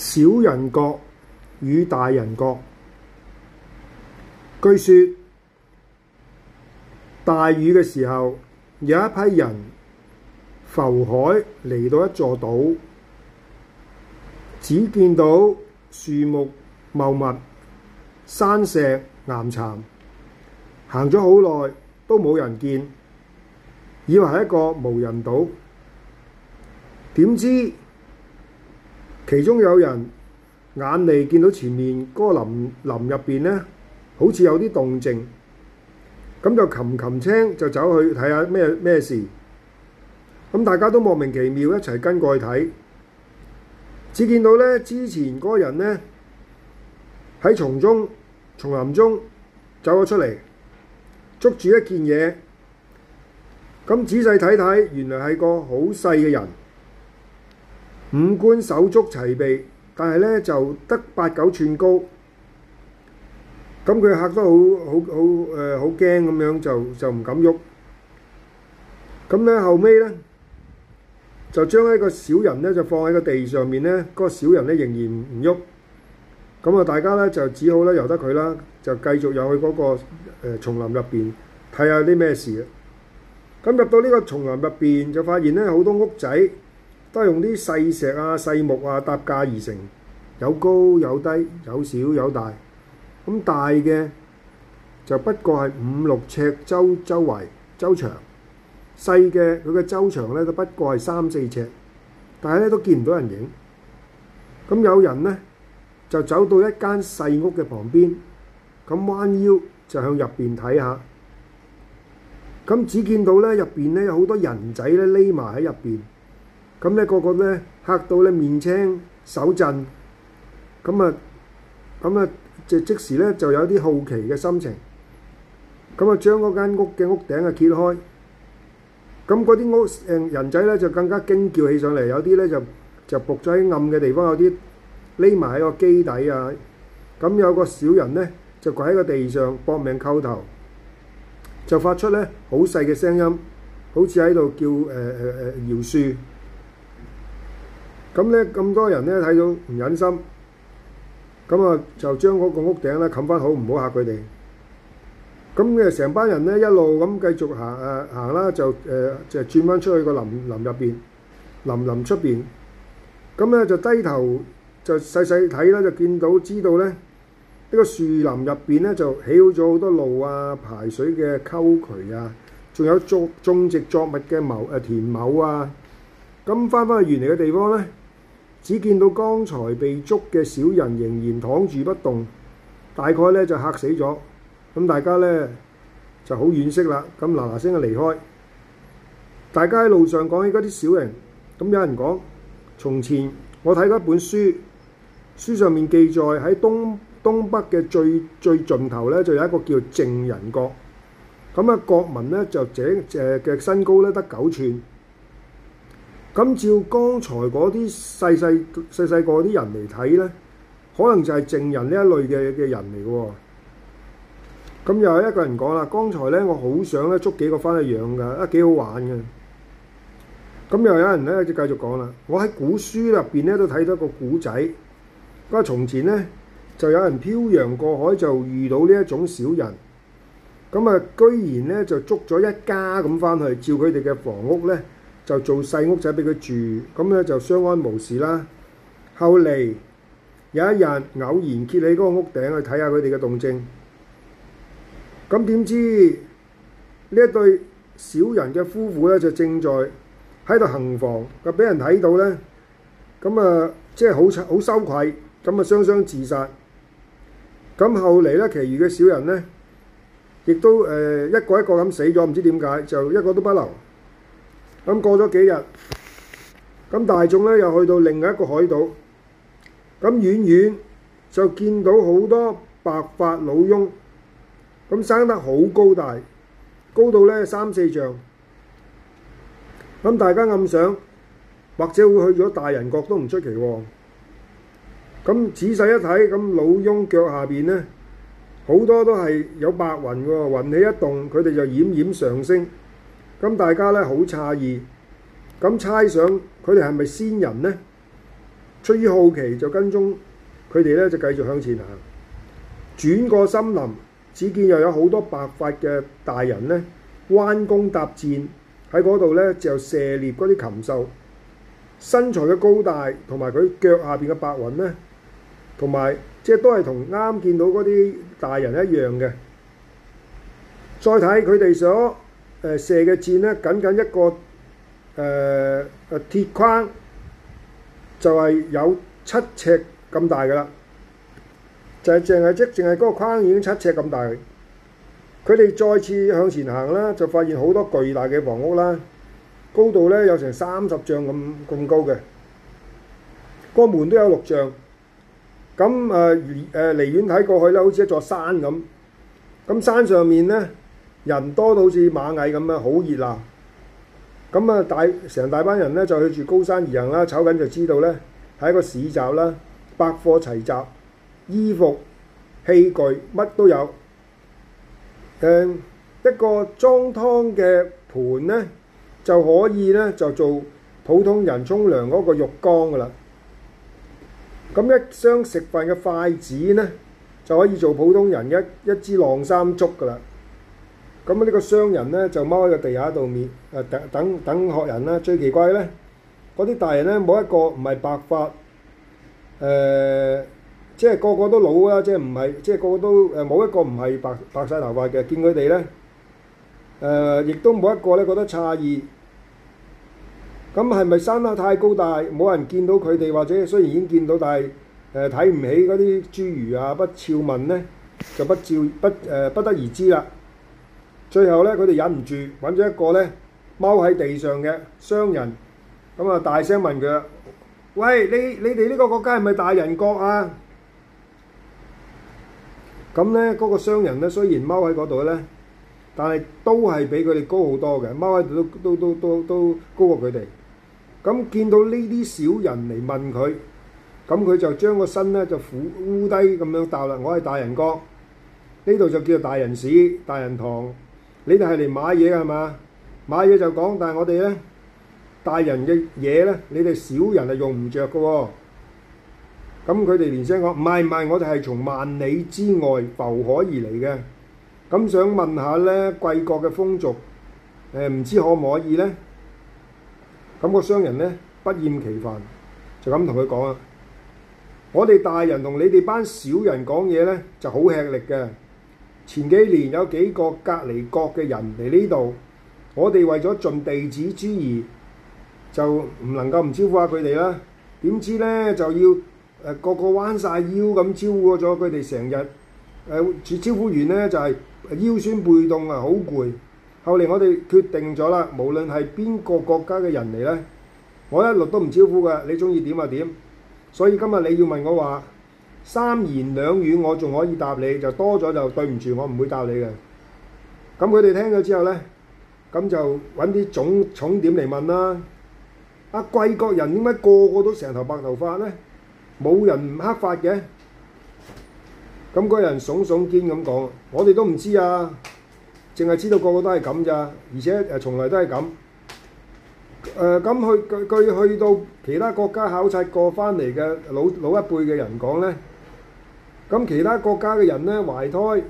小人國與大人國，據說大雨嘅時候，有一批人浮海嚟到一座島，只見到樹木茂密、山石岩巉，行咗好耐都冇人見，以為係一個無人島，點知，其中有人眼利，見到前面嗰個林林入邊呢，好似有啲動靜，咁就擒擒青就走去睇下咩咩事。咁大家都莫名其妙一齊跟過去睇，只見到呢之前嗰個人呢，喺叢中叢林中走咗出嚟，捉住一件嘢。咁仔細睇睇，原來係個好細嘅人。五官手足齊備，但係咧就得八九寸高，咁佢嚇得好好好誒好驚咁樣就就唔敢喐，咁咧後尾咧就將一個小人咧就放喺個地上面咧，嗰個小人咧仍然唔喐，咁啊大家咧就只好咧由得佢啦，就繼續入去嗰個誒叢林入邊睇下啲咩事啊。咁入到呢個叢林入邊就發現咧好多屋仔。都係用啲細石啊、細木啊搭架而成，有高有低，有小有大。咁大嘅就不過係五六尺周周圍周長，細嘅佢嘅周長咧都不過係三四尺，但係咧都見唔到人影。咁有人咧就走到一間細屋嘅旁邊，咁彎腰就向入邊睇下，咁只見到咧入邊咧有好多人仔咧匿埋喺入邊。咁呢個個咧嚇到咧面青手震，咁啊咁啊就即時咧就有啲好奇嘅心情。咁啊將嗰間屋嘅屋頂啊揭開，咁嗰啲屋人仔咧就更加驚叫起上嚟，有啲咧就就伏咗喺暗嘅地方，有啲匿埋喺個基底啊。咁有個小人咧就跪喺個地上搏命叩頭，就發出咧好細嘅聲音，好似喺度叫誒誒誒搖樹。呃呃咁咧咁多人咧睇到唔忍心，咁啊就將嗰個屋頂咧冚翻好，唔好嚇佢哋。咁咧成班人咧一路咁繼續行啊行啦，就誒就轉翻出去個林林入邊，林林出邊。咁咧就低頭就細細睇啦，就見到知道咧呢個樹林入邊咧就起好咗好多路啊、排水嘅溝渠啊，仲有種種植作物嘅畝誒田畝啊。咁翻返去原嚟嘅地方呢，只見到剛才被捉嘅小人仍然躺住不動，大概咧就嚇死咗。咁大家呢就好惋惜啦。咁嗱嗱聲就離開。大家喺路上講起嗰啲小人，咁有人講：從前我睇過一本書，書上面記載喺東東北嘅最最盡頭呢，就有一個叫做正人國。咁啊國民呢就整隻嘅身高咧得九寸。咁照剛才嗰啲細細細細個啲人嚟睇咧，可能就係靖人呢一類嘅嘅人嚟嘅喎。咁又有一個人講啦，剛才咧我好想咧捉幾個返去養㗎，啊幾好玩嘅。咁又有人咧就繼續講啦，我喺古書入邊咧都睇到個古仔，嗰個從前咧就有人漂洋過海就遇到呢一種小人，咁啊居然咧就捉咗一家咁返去照佢哋嘅房屋咧。就做細屋仔俾佢住，咁咧就相安無事啦。後嚟有一日偶然揭起嗰個屋頂去睇下佢哋嘅動靜，咁點知呢一對小人嘅夫婦咧就正在喺度行房，就俾人睇到咧。咁啊，即係好慘，好羞愧，咁啊雙雙自殺。咁後嚟咧，其餘嘅小人咧，亦都誒一個一個咁死咗，唔知點解就一個都不留。咁過咗幾日，咁大眾咧又去到另外一個海島，咁遠遠就見到好多白髮老翁，咁生得好高大，高到咧三四丈。咁大家暗想，或者會去咗大人國都唔出奇喎。咁仔細一睇，咁老翁腳下邊呢，好多都係有白雲喎，雲氣一動，佢哋就冉冉上升。咁大家咧好詫異，咁猜想佢哋係咪仙人呢？出於好奇就跟蹤佢哋咧，就繼續向前行。轉過森林，只見又有好多白髮嘅大人咧，彎弓搭箭喺嗰度咧，就射獵嗰啲禽獸。身材嘅高大同埋佢腳下邊嘅白雲咧，同埋即係都係同啱見到嗰啲大人一樣嘅。再睇佢哋所。呃、射嘅箭呢，僅僅一個誒誒、呃呃、鐵框就係有七尺咁大嘅啦，就係淨係即淨係嗰個框已經七尺咁大。佢哋再次向前行啦，就發現好多巨大嘅房屋啦，高度呢，有成三十丈咁咁高嘅，個門都有六丈。咁誒遠誒離遠睇過去咧，好似一座山咁。咁山上面呢。人多到好似螞蟻咁啦，好熱鬧。咁啊，大成大班人咧就去住高山而行啦。炒緊就知道咧係一個市集啦，百貨齊集，衣服、器具乜都有。誒、嗯，一個裝湯嘅盤咧就可以咧就做普通人沖涼嗰個浴缸噶啦。咁一箱食飯嘅筷子咧就可以做普通人一一支晾衫竹噶啦。咁呢個商人咧就踎喺個地下度面誒、呃、等等等學人啦。最奇怪咧，嗰啲大人咧冇一個唔係白髮誒、呃，即係個個都老啦，即係唔係即係個個都誒冇、呃、一個唔係白，白白曬頭髮嘅。見佢哋咧誒，亦都冇一個咧覺得詫異。咁係咪生得太高大，冇人見到佢哋，或者雖然已經見到，但係誒睇唔起嗰啲侏儒啊不肖民咧，就不照，不誒、呃、不得而知啦。最後咧，佢哋忍唔住，揾咗一個咧踎喺地上嘅商人，咁啊大聲問佢啦：喂，你你哋呢個國家係咪大人國啊？咁咧，嗰個商人咧，雖然踎喺嗰度咧，但係都係比佢哋高好多嘅，踎喺度都都都都都高過佢哋。咁見到呢啲小人嚟問佢，咁佢就將個身咧就俯彎低咁樣答啦。我係大人國，呢度就叫做大人市、大人堂。你哋係嚟買嘢嘅係嘛？買嘢就講，但係我哋咧大人嘅嘢咧，你哋小人係用唔著㗎喎。咁佢哋連聲講：唔係唔係，我哋係從萬里之外浮海而嚟嘅。咁想問下咧貴國嘅風俗，誒唔知可唔可以咧？咁個商人咧不厭其煩就咁同佢講啊！我哋大人同你哋班小人講嘢咧就好吃力嘅。前幾年有幾個隔離國嘅人嚟呢度，我哋為咗盡地主之誼，就唔能夠唔招呼下佢哋啦。點知呢，就要誒個、呃、個彎曬腰咁招呼咗佢哋成日招呼完呢，就係、是、腰酸背痛啊，好攰。後嚟我哋決定咗啦，無論係邊個國家嘅人嚟呢，我一律都唔招呼㗎，你中意點就點。所以今日你要問我話。三言兩語我仲可以答你，就多咗就對唔住，我唔會答你嘅。咁佢哋聽咗之後呢，咁就揾啲總重點嚟問啦、啊。啊貴國人點解個個都成頭白頭髮呢？冇人唔黑髮嘅。咁、那、嗰、個、人聳聳肩咁講：，我哋都唔知啊，淨係知道個個都係咁咋，而且誒、呃、從來都係咁。咁、呃、去佢去，去，去到其他國家考察過翻嚟嘅老老一輩嘅人講呢。咁其他國家嘅人呢，懷胎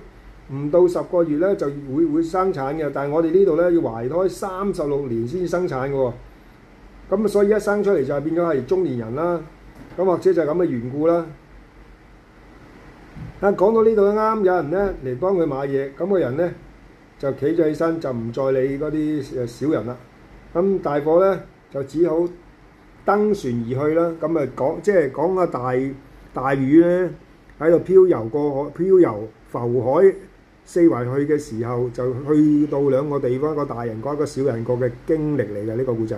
唔到十個月呢，就會會生產嘅，但係我哋呢度呢，要懷胎三十六年先生產嘅喎，咁所以一生出嚟就係變咗係中年人啦，咁或者就係咁嘅緣故啦。喺度漂游過海，漂游浮海四圍去嘅時候，就去到兩個地方：一個大人國，一個小人國嘅經歷嚟嘅呢個故仔。